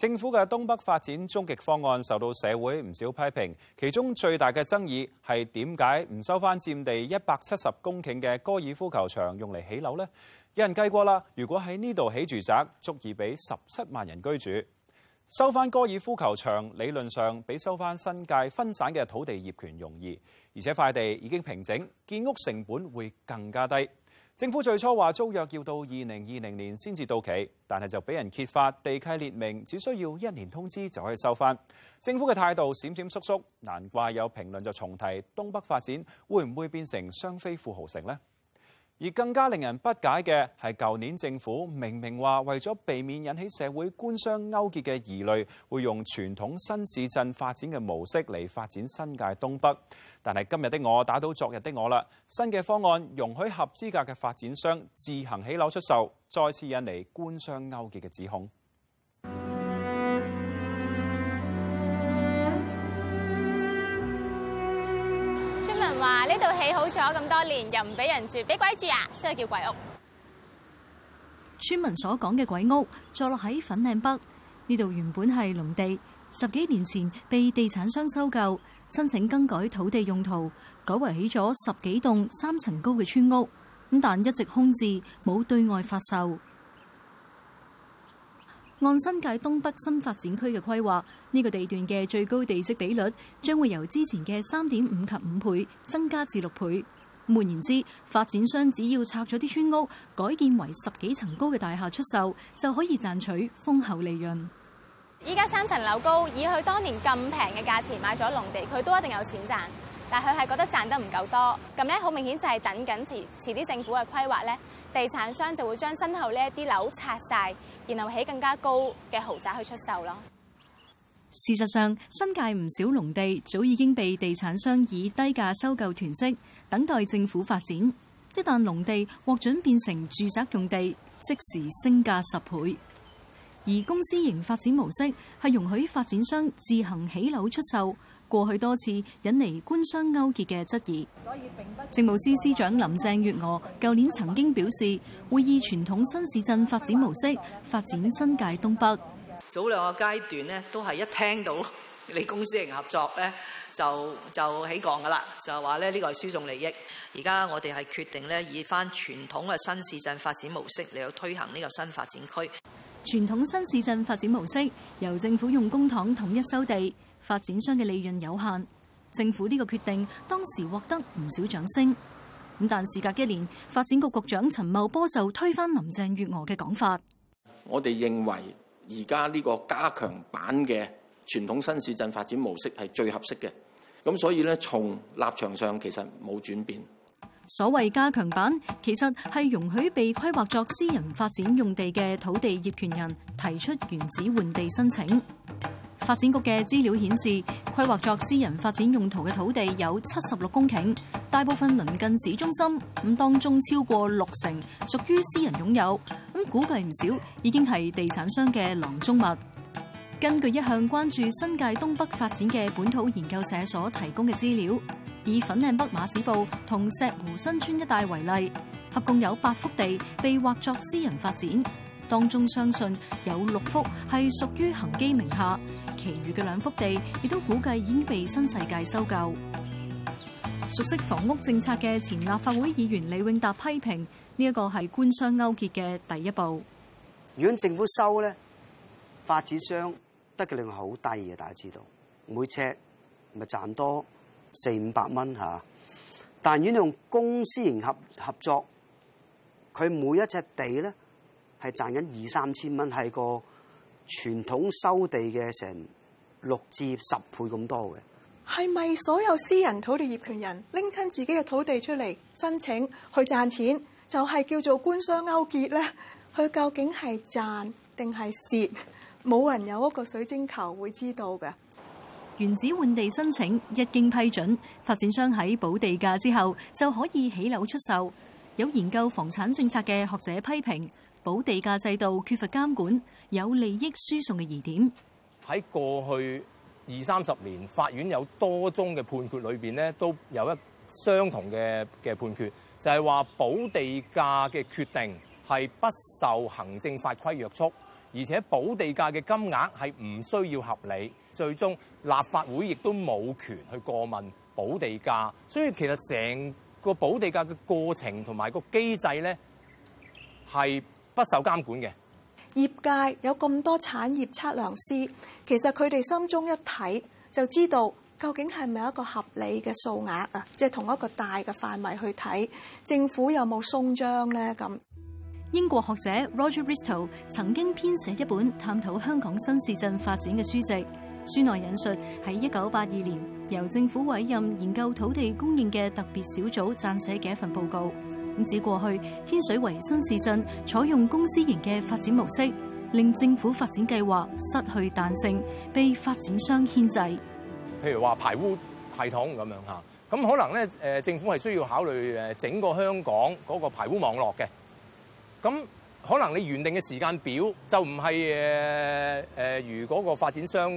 政府嘅東北發展終極方案受到社會唔少批評，其中最大嘅爭議係點解唔收翻佔地一百七十公頃嘅高爾夫球場用嚟起樓呢？有人計過啦，如果喺呢度起住宅，足以俾十七萬人居住。收翻高爾夫球場理論上比收翻新界分散嘅土地業權容易，而且塊地已經平整，建屋成本會更加低。政府最初話租約要到二零二零年先至到期，但係就俾人揭發地契列明只需要一年通知就可以收翻。政府嘅態度閃閃縮縮，難怪有評論就重提東北發展會唔會變成雙非富豪城呢？而更加令人不解嘅係舊年政府明明話為咗避免引起社會官商勾結嘅疑慮，會用傳統新市鎮發展嘅模式嚟發展新界東北，但係今日的我打倒昨日的我啦！新嘅方案容許合資格嘅發展商自行起樓出售，再次引嚟官商勾結嘅指控。哇！呢度起好咗咁多年，又唔俾人住，俾鬼住啊，所以叫鬼屋。村民所講嘅鬼屋，坐落喺粉嶺北呢度，原本係農地，十幾年前被地產商收購，申請更改土地用途，改為起咗十幾棟三層高嘅村屋，咁但一直空置，冇對外發售。按新界東北新發展區嘅規劃，呢個地段嘅最高地積比率將會由之前嘅三點五及五倍增加至六倍。換言之，發展商只要拆咗啲村屋，改建為十幾層高嘅大廈出售，就可以賺取豐厚利潤。依家三層樓高，以佢當年咁平嘅價錢買咗農地，佢都一定有錢賺。但佢係覺得賺得唔夠多，咁咧好明顯就係等緊遲遲啲政府嘅規劃咧，地產商就會將身後呢一啲樓拆晒，然後起更加高嘅豪宅去出售咯。事實上，新界唔少農地早已經被地產商以低價收購囤積，等待政府發展。一旦農地獲准變成住宅用地，即時升價十倍。而公司型發展模式係容許發展商自行起樓出售，過去多次引嚟官商勾結嘅質疑不不。政務司司長林鄭月娥舊年曾經表示，會以傳統新市鎮發展模式發展新界東北。早兩個階段咧，都係一聽到你公私營合作咧，就就起降噶啦，就話咧呢個係輸送利益。而家我哋係決定咧，以翻傳統嘅新市鎮發展模式嚟到推行呢個新發展區。傳統新市鎮發展模式由政府用公帑統一收地，發展商嘅利潤有限。政府呢個決定當時穫得唔少掌聲。咁但事隔一年，發展局局長陳茂波就推翻林鄭月娥嘅講法。我哋認為。而家呢個加強版嘅傳統新市鎮發展模式係最合適嘅，咁所以咧，從立場上其實冇轉變。所謂加強版，其實係容許被規劃作私人發展用地嘅土地業權人提出原址換地申請。發展局嘅資料顯示，規劃作私人發展用途嘅土地有七十六公頃，大部分鄰近市中心，咁當中超過六成屬於私人擁有，咁估計唔少已經係地產商嘅囊中物。根據一向關注新界東北發展嘅本土研究社所提供嘅資料，以粉嶺北馬屎埔同石湖新村一帶為例，合共有八幅地被劃作私人發展。當中相信有六幅係屬於恒基名下，其餘嘅兩幅地亦都估計已經被新世界收購。熟悉房屋政策嘅前立法會議員李永達批評呢一個係官商勾結嘅第一步。如果政府收咧，發展商得嘅量好低嘅，大家知道，每尺咪賺多四五百蚊吓。但係如果用公私營合合作，佢每一尺地咧。係賺緊二三千蚊，係個傳統收地嘅成六至十倍咁多嘅。係咪所有私人土地業權人拎親自己嘅土地出嚟申請去賺錢，就係、是、叫做官商勾結呢？佢究竟係賺定係蝕？冇人有一個水晶球會知道嘅。原址換地申請一經批准，發展商喺補地價之後就可以起樓出售。有研究房產政策嘅學者批評。補地價制度缺乏監管，有利益輸送嘅疑點。喺過去二三十年，法院有多宗嘅判決裏邊都有一相同嘅嘅判決，就係話補地價嘅決定係不受行政法規約束，而且補地價嘅金額係唔需要合理。最終立法會亦都冇權去過問補地價，所以其實成個補地價嘅過程同埋個機制呢係。不受監管嘅業界有咁多產業測量師，其實佢哋心中一睇就知道，究竟係咪一個合理嘅數額啊？即係同一個大嘅範圍去睇，政府有冇鬆章呢？咁英國學者 Roger Bristow 曾經編寫一本探討香港新市鎮發展嘅書籍，書內引述喺一九八二年由政府委任研究土地供應嘅特別小組撰寫嘅一份報告。指過去天水圍新市鎮採用公司型嘅發展模式，令政府發展計劃失去彈性，被發展商牽制。譬如話排污系統咁樣吓，咁可能咧誒，政府係需要考慮誒整個香港嗰個排污網絡嘅，咁可能你原定嘅時間表就唔係誒誒，如嗰個發展商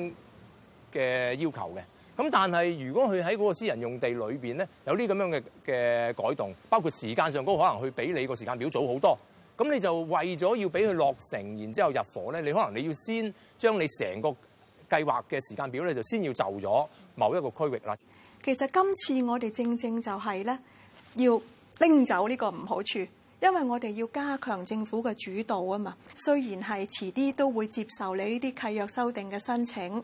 嘅要求嘅。咁但係，如果佢喺嗰個私人用地裏邊咧，有呢咁樣嘅嘅改動，包括時間上都可能佢比你個時間表早好多。咁你就為咗要俾佢落成，然之後入伙咧，你可能你要先將你成個計劃嘅時間表咧，就先要就咗某一個區域啦。其實今次我哋正正就係咧，要拎走呢個唔好處，因為我哋要加強政府嘅主導啊嘛。雖然係遲啲都會接受你呢啲契約修訂嘅申請。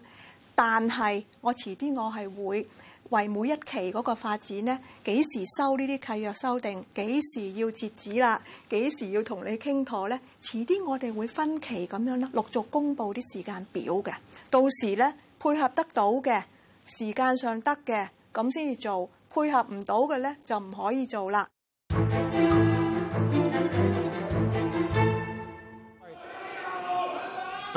但係，我遲啲我係會為每一期嗰個發展呢，幾時收呢啲契約修訂，幾時要截止啦，幾時要同你傾妥呢？遲啲我哋會分期咁樣啦，陸續公布啲時間表嘅。到時呢，配合得到嘅時間上得嘅，咁先至做；配合唔到嘅呢，就唔可以做啦。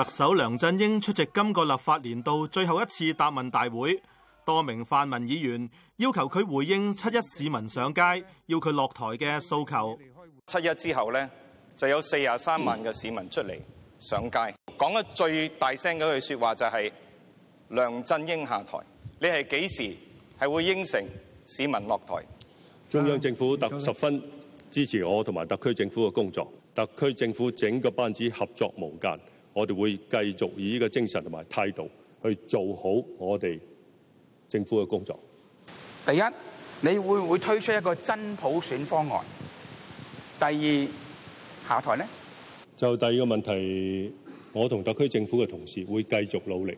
特首梁振英出席今個立法年度最後一次答問大會，多名泛民議員要求佢回應七一市民上街要佢落台嘅訴求。七一之後呢，就有四十三萬嘅市民出嚟上街，講得最大聲嗰句說話就係梁振英下台。你係幾時係會應承市民落台？中央政府特十分支持我同埋特區政府嘅工作，特區政府整個班子合作無間。我哋會繼續以呢個精神同埋態度去做好我哋政府嘅工作。第一，你會唔會推出一個真普選方案？第二，下台呢？就第二個問題，我同特區政府嘅同事會繼續努力。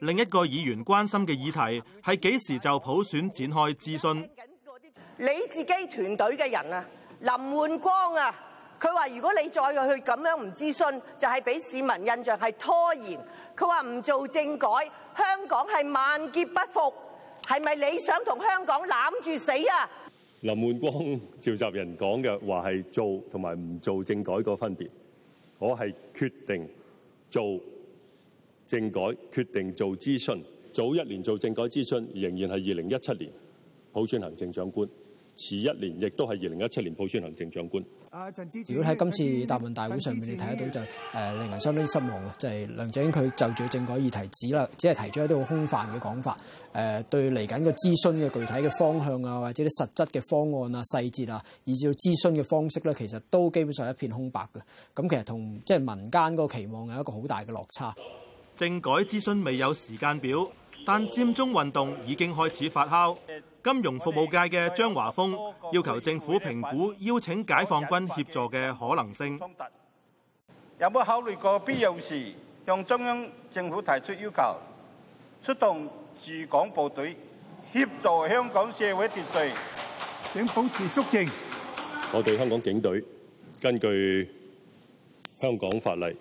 另一個議員關心嘅議題係幾時就普選展開諮詢？你自己團隊嘅人啊，林煥光啊！佢話：如果你再去咁樣唔諮詢，就係俾市民印象係拖延。佢話唔做政改，香港係萬劫不復。係咪你想同香港攬住死啊？林煥光召集人講嘅話係做同埋唔做政改個分別。我係決定做政改，決定做諮詢。早一年做政改諮詢，仍然係二零一七年普選行政長官。遲一年亦都係二零一七年普選行政長官。如果喺今次答問大會上面你睇得到、就係呃，就誒令人相當於失望嘅，就係梁振英佢就住政改議題指，啦，只係提出一啲好空泛嘅講法。誒、呃、對嚟緊嘅諮詢嘅具體嘅方向啊，或者啲實質嘅方案啊、細節啊，以至到諮詢嘅方式咧，其實都基本上一片空白嘅。咁其實同即係民間嗰個期望係一個好大嘅落差。政改諮詢未有時間表。但佔中運動已經開始發酵，金融服務界嘅張華峰要求政府評估邀請解放軍協助嘅可能性。有冇考慮過必要時向中央政府提出要求，出動駐港部隊協助香港社會秩序？請保持肅靜。我對香港警隊根據香港法例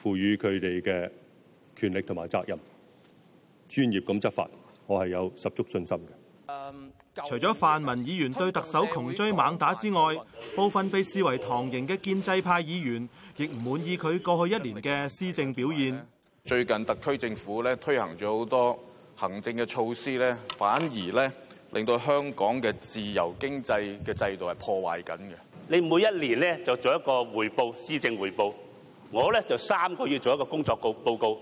賦予佢哋嘅權力同埋責任。專業咁執法，我係有十足信心嘅、嗯。除咗泛民議員對特首窮追猛打之外，部分被視為唐營嘅建制派議員亦唔滿意佢過去一年嘅施政表現。最近特區政府咧推行咗好多行政嘅措施咧，反而咧令到香港嘅自由經濟嘅制度係破壞緊嘅。你每一年咧就做一個回報施政回報，我咧就三個月做一個工作報報告。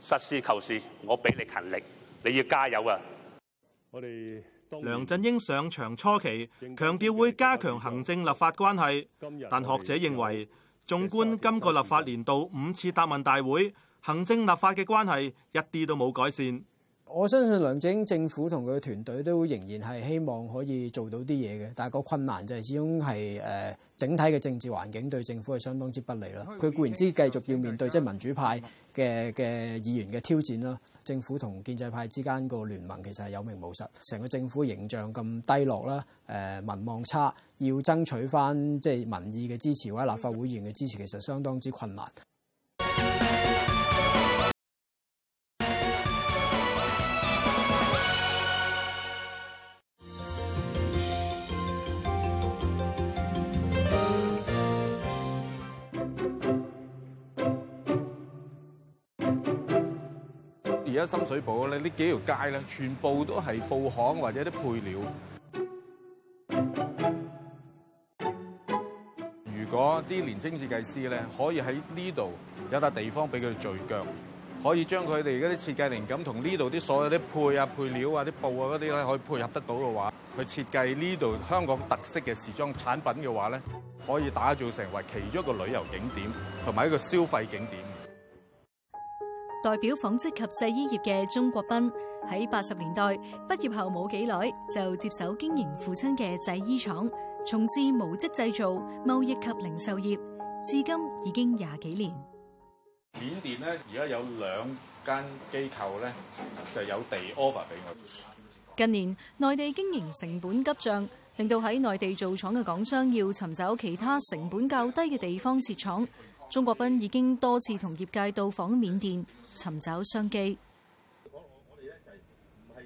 實事求是，我俾你勤力，你要加油啊！我哋。梁振英上場初期強調會加強行政立法關係，但學者認為，縱觀今個立法年度五次答問大會，行政立法嘅關係一啲都冇改善。我相信梁振英政府同佢嘅團隊都仍然係希望可以做到啲嘢嘅，但係個困難就係始終係誒整體嘅政治環境對政府係相當之不利啦。佢固然之繼續要面對即係民主派嘅嘅議員嘅挑戰啦，政府同建制派之間個聯盟其實係有名無實，成個政府形象咁低落啦，誒民望差，要爭取翻，即係民意嘅支持或者立法會議員嘅支持，其實相當之困難。而家深水埗咧，呢幾條街咧，全部都係布行或者啲配料。如果啲年青設計師咧，可以喺呢度有笪地方俾佢聚腳，可以將佢哋而家啲設計靈感同呢度啲所有啲配啊、配料啊、啲布啊啲咧，可以配合得到嘅話，去設計呢度香港特色嘅時裝產品嘅話咧，可以打造成為其中一個旅遊景點同埋一個消費景點。代表紡織及製衣業嘅鍾國斌喺八十年代畢業後冇幾耐就接手經營父親嘅製衣廠，從事毛織製造、貿易及零售業，至今已經廿幾年。緬甸呢，而家有兩間機構呢，就有地 offer 俾我哋。近年內地經營成本急漲，令到喺內地造廠嘅港商要尋找其他成本較低嘅地方設廠。鍾國斌已經多次同業界到訪緬甸，尋找商機。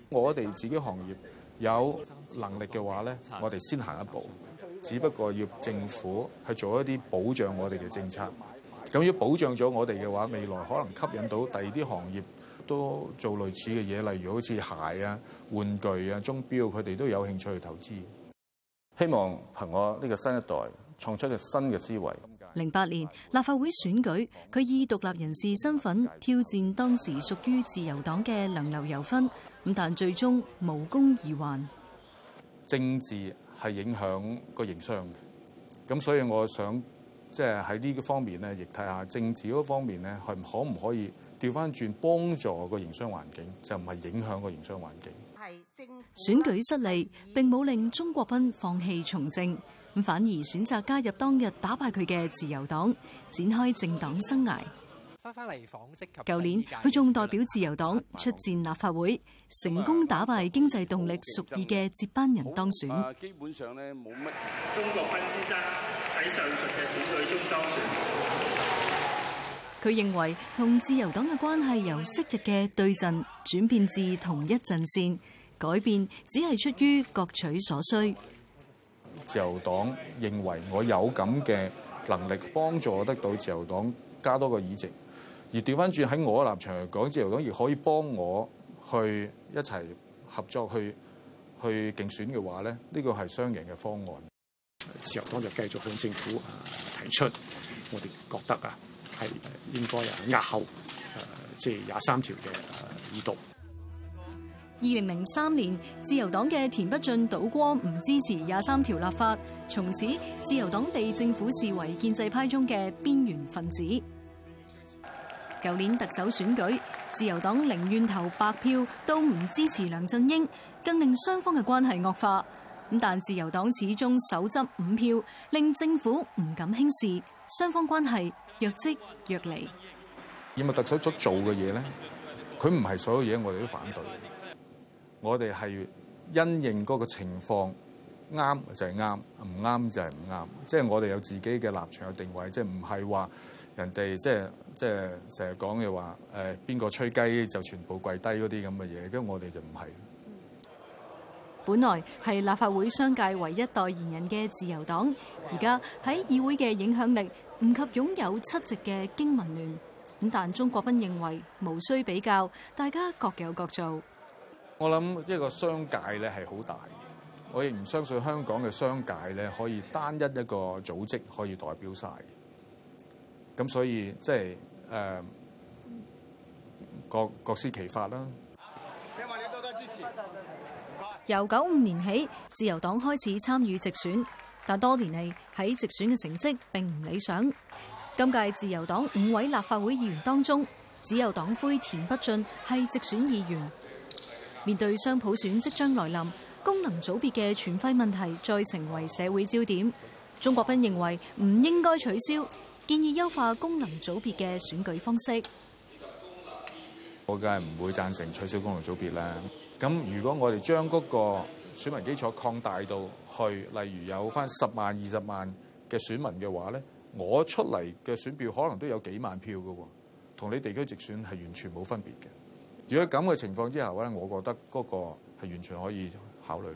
我哋自己的行業有能力嘅話咧，我哋先行一步。只不過要政府去做一啲保障我哋嘅政策。咁要保障咗我哋嘅話，未來可能吸引到第二啲行業都做類似嘅嘢，例如好似鞋啊、玩具啊、鐘表，佢哋都有興趣去投資。希望憑我呢個新一代，創出咗新嘅思維。零八年立法會選舉，佢以獨立人士身份挑戰當時屬於自由黨嘅梁劉柔芬，咁但最終無功而還。政治係影響個營商嘅，咁所以我想即係喺呢個方面呢，亦睇下政治嗰方面呢，係可唔可以調翻轉幫助個營商環境，就唔係影響個營商環境。選舉失利並冇令鍾國斌放棄從政。咁反而選擇加入當日打敗佢嘅自由黨，展開政黨生涯。翻返嚟仿職，舊年佢仲代表自由黨出戰立法會，成功打敗經濟動力屬意嘅接班人當選。基本上呢冇乜中國賓資質喺上述嘅選舉中當選。佢認為同自由黨嘅關係由昔日嘅對陣轉變至同一陣線，改變只係出於各取所需。自由黨認為我有咁嘅能力幫助得到自由黨加多個議席，而調翻轉喺我嘅立場嚟講，自由黨亦可以幫我去一齊合作去去競選嘅話咧，呢個係雙贏嘅方案。自由黨就繼續向政府提出，我哋覺得啊，係應該啊押後，即係廿三條嘅議讀。二零零三年，自由黨嘅田北俊倒戈，唔支持廿三條立法，從此自由黨被政府視為建制派中嘅邊緣分子。舊年特首選舉，自由黨寧願投白票都唔支持梁振英，更令雙方嘅關係惡化。咁但自由黨始終手執五票，令政府唔敢輕視，雙方關係若即若離。因為特首所做嘅嘢呢，佢唔係所有嘢我哋都反對。我哋係因應嗰個情況，啱就係啱，唔啱就係唔啱。即係我哋有自己嘅立場、有定位，即係唔係話人哋即係即係成日講嘅話，誒邊個吹雞就全部跪低嗰啲咁嘅嘢，咁我哋就唔係。本來係立法會商界唯一代言人嘅自由黨，而家喺議會嘅影響力唔及擁有七席嘅經民聯。咁但鍾國斌認為無需比較，大家各有各做。我諗一個商界咧，係好大，我亦唔相信香港嘅商界咧可以單一一個組織可以代表晒。咁所以即係誒、呃、各各司其法啦。由九五年起，自由黨開始參與直選，但多年嚟喺直選嘅成績並唔理想。今屆自由黨五位立法會議員當中，只有黨魁田北俊係直選議員。面對雙普選即將來臨，功能組別嘅存廢問題再成為社會焦點。鍾國斌認為唔應該取消，建議優化功能組別嘅選舉方式。我梗係唔會贊成取消功能組別啦。咁如果我哋將嗰個選民基礎擴大到去，例如有翻十萬、二十萬嘅選民嘅話咧，我出嚟嘅選票可能都有幾萬票噶，同你地區直選係完全冇分別嘅。如果咁嘅情況之下，咧，我覺得嗰個係完全可以考慮。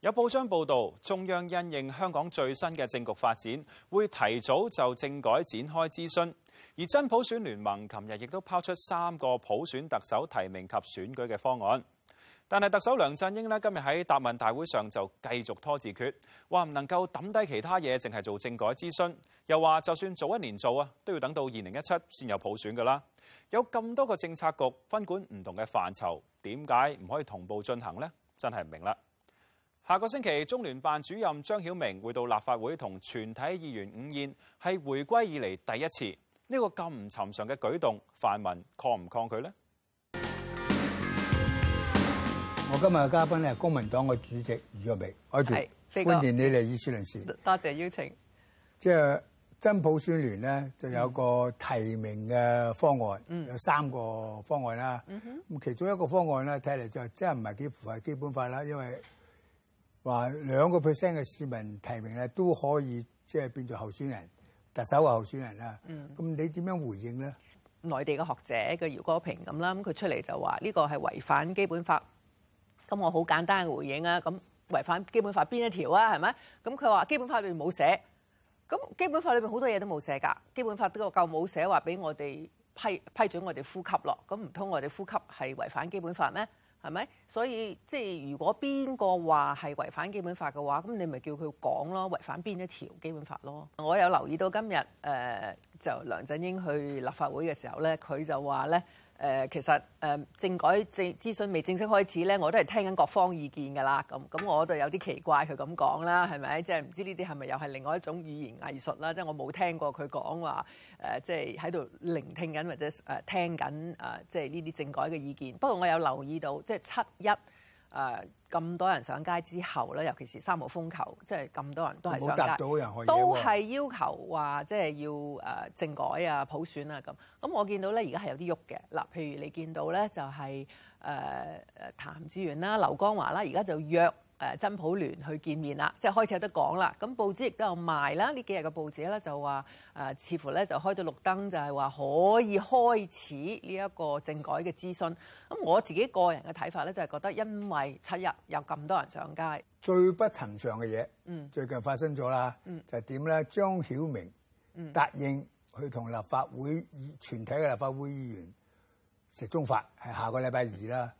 有報章報導，中央因應香港最新嘅政局發展，會提早就政改展開諮詢。而真普選聯盟琴日亦都拋出三個普選特首提名及選舉嘅方案。但係特首梁振英呢，今日喺答問大會上就繼續拖字訣，話唔能夠抌低其他嘢，淨係做政改諮詢。又話就算早一年做啊，都要等到二零一七先有普選噶啦。有咁多個政策局分管唔同嘅範疇，點解唔可以同步進行呢？真係唔明啦。下個星期中聯辦主任張曉明會到立法會同全體議員午宴，係回歸以嚟第一次，呢個咁唔尋常嘅舉動，泛民抗唔抗拒呢？我今日嘅嘉賓咧，係公民黨嘅主席余若薇，我哋歡迎你嚟議事論事。多謝邀請。即係真普選聯咧，就有一個提名嘅方案、嗯，有三個方案啦。咁、嗯、其中一個方案咧，睇嚟就真係唔係幾符合基本法啦，因為話兩個 percent 嘅市民提名咧都可以即係變做候選人特首嘅候選人啦。咁、嗯、你點樣回應咧？內地嘅學者嘅饒戈平咁啦，佢出嚟就話呢、這個係違反基本法。咁我好簡單嘅回應啊！咁違反基本法邊一條啊？係咪？咁佢話基本法裏面冇寫，咁基本法裏面好多嘢都冇寫㗎。基本法都夠冇寫話俾我哋批批准我哋呼吸咯。咁唔通我哋呼吸係違反基本法咩？係咪？所以即係如果邊個話係違反基本法嘅話，咁你咪叫佢講咯，違反邊一條基本法咯？我有留意到今日，呃，就梁振英去立法會嘅時候咧，佢就話咧。誒、呃、其實誒政、呃、改政諮未正式開始咧，我都係聽緊各方意見㗎啦。咁咁我就有啲奇怪佢咁講啦，係咪？即係唔知呢啲係咪又係另外一種語言藝術啦？即、就、係、是、我冇聽過佢講話即係喺度聆聽緊或者聽緊即係呢啲政改嘅意見。不過我有留意到，即、就、係、是、七一。誒、呃、咁多人上街之後咧，尤其是三號風球，即係咁多人都係上街，沒到啊、都係要求話即係要誒、呃、政改啊、普選啊咁。咁我見到咧，而家係有啲喐嘅。嗱，譬如你見到咧，就係誒譚志源啦、劉江華啦、啊，而家就約。誒、啊、真普聯去見面啦，即係開始有得講啦。咁報紙亦都有賣啦。呢幾日嘅報紙咧就話誒、啊，似乎咧就開咗綠燈，就係、是、話可以開始呢一個政改嘅諮詢。咁我自己個人嘅睇法咧，就係、是、覺得因為七日有咁多人上街，最不尋常嘅嘢，最近發生咗啦。就係點咧？張曉明答應去同立法會議全體嘅立法會議員食中飯，係下個禮拜二啦。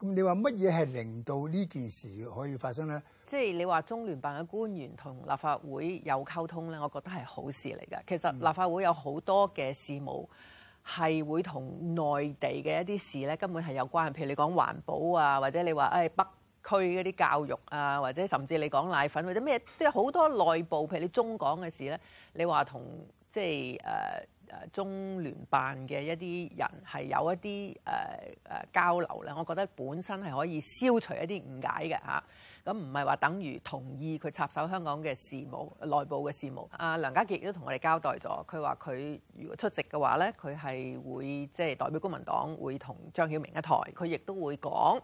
咁你話乜嘢係令到呢件事可以發生咧？即係你話中聯辦嘅官員同立法會有溝通咧，我覺得係好事嚟㗎。其實立法會有好多嘅事務係會同內地嘅一啲事咧根本係有關，譬如你講環保啊，或者你話誒、哎、北區嗰啲教育啊，或者甚至你講奶粉或者咩，即係好多內部譬如你中港嘅事咧，你話同即係誒。呃誒中聯辦嘅一啲人係有一啲誒誒交流咧，我覺得本身係可以消除一啲誤解嘅嚇。咁唔係話等於同意佢插手香港嘅事務、內部嘅事務。阿梁家傑亦都同我哋交代咗，佢話佢如果出席嘅話咧，佢係會即係代表公民黨會同張曉明一台，佢亦都會講。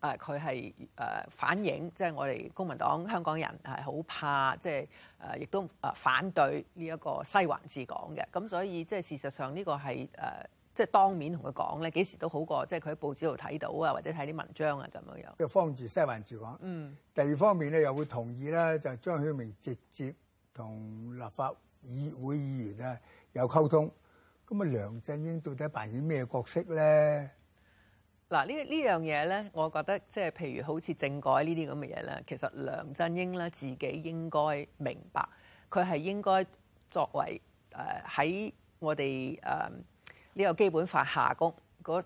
誒佢係誒反映，即係我哋公民黨香港人係好怕，即係誒亦都誒反對呢一個西環治港嘅。咁所以即係事實上呢個係誒，即係當面同佢講咧，幾時都好過即係佢喺報紙度睇到啊，或者睇啲文章啊咁樣樣。即係防住西環治港。嗯。第二方面咧，又會同意咧，就係張曉明直接同立法議會議員啊有溝通。咁啊，梁振英到底扮演咩角色咧？嗱，這呢呢樣嘢咧，我覺得即係譬如好似政改呢啲咁嘅嘢咧，其實梁振英咧自己應該明白，佢係應該作為誒喺、呃呃、我哋誒呢個基本法下嗰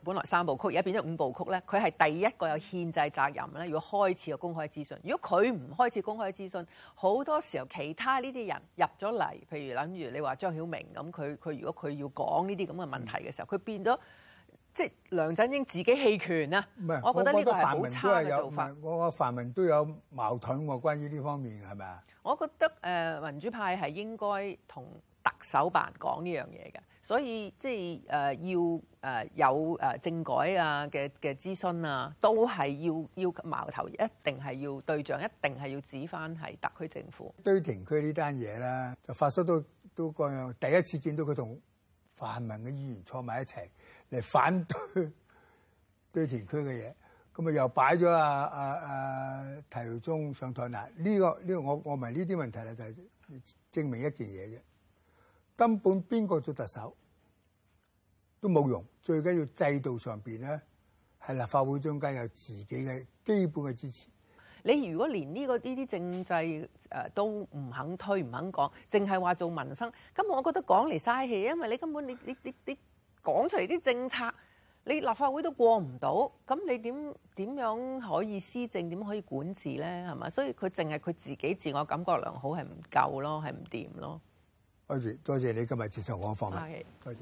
本來三部曲，而家變咗五部曲咧，佢係第一個有憲制責任咧，要開始有如果開始公開資訊。如果佢唔開始公開資訊，好多時候其他呢啲人入咗嚟，譬如諗住你話張曉明咁，佢佢如果佢要講呢啲咁嘅問題嘅時候，佢變咗。即係梁振英自己棄權啊！唔係，我覺得呢個係好差嘅做法。我覺得泛民都有矛盾關於呢方面係咪啊？我覺得誒民主派係應該同特首辦講呢樣嘢嘅，所以即係誒要誒有誒政改啊嘅嘅諮詢啊，都係要要矛頭一定係要對象，一定係要指翻係特區政府堆填區呢單嘢啦。就發叔都都講樣第一次見到佢同泛民嘅議員坐埋一齊。嚟反對對田區嘅嘢，咁啊又擺咗啊啊啊提中上台嗱，呢個呢個我我問呢啲問題咧就係證明一件嘢啫，根本邊個做特首都冇用，最緊要制度上邊咧係立法會中間有自己嘅基本嘅支持。你如果連呢個呢啲政制誒都唔肯推唔肯講，淨係話做民生，咁我覺得講嚟嘥氣，因為你根本你你你你。你你講出嚟啲政策，你立法會都過唔到，咁你點樣，點樣可以施政？點可以管治咧？係咪？所以佢淨係佢自己自我感覺良好係唔夠咯，係唔掂咯。阿朱，多謝你今日接受我訪問。多謝。